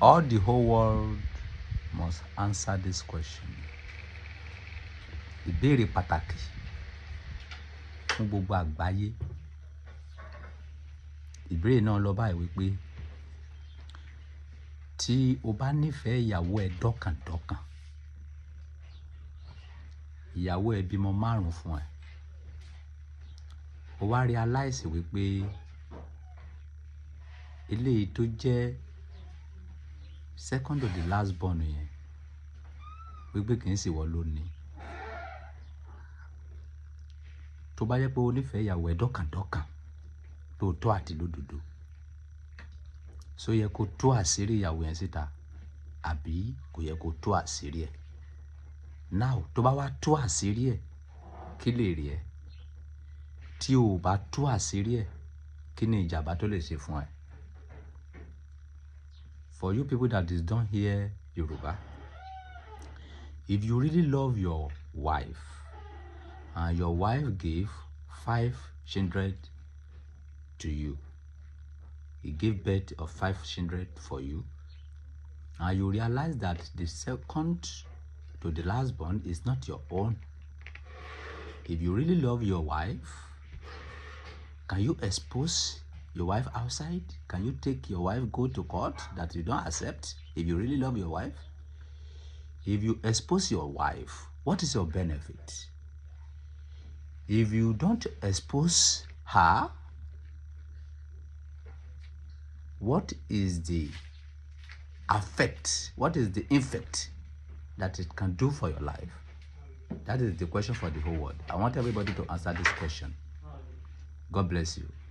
All the whole world must answer this question. Ìbéèrè pàtàkì fún gbogbo àgbáyé. Ìbéèrè náà lọ báyìí wípé, tí o bá nífẹ̀ẹ́ ìyàwó ẹ dọ́kàndọ́kàn, ìyàwó ẹ bímọ márùn-ún fún ẹ, o wá realize wípé eléyìí tó jẹ́ second of the last born yẹn gbégbé kì í sì wọ́n ló ní tó bá yẹ pé o nífẹ̀ẹ́ ìyàwó ẹ̀ dọ́kàndọ́kàn lóòótọ́ àti lódodo so yẹ kó tú àṣírí ìyàwó yẹn síta àbí kò yẹ kó tú àṣírí ẹ̀ now tó bá wá tú àṣírí ẹ̀ kí lè rí ẹ tí o ò bá tú àṣírí ẹ̀ kí ni ìjàmbá tó lè ṣe fún ẹ. for you people that is don't hear Yoruba, if you really love your wife, and your wife gave 500 to you, he gave birth of 500 for you, and you realize that the second to the last born is not your own. If you really love your wife, can you expose your wife outside? Can you take your wife go to court that you don't accept if you really love your wife? If you expose your wife, what is your benefit? If you don't expose her, what is the effect? What is the effect that it can do for your life? That is the question for the whole world. I want everybody to answer this question. God bless you.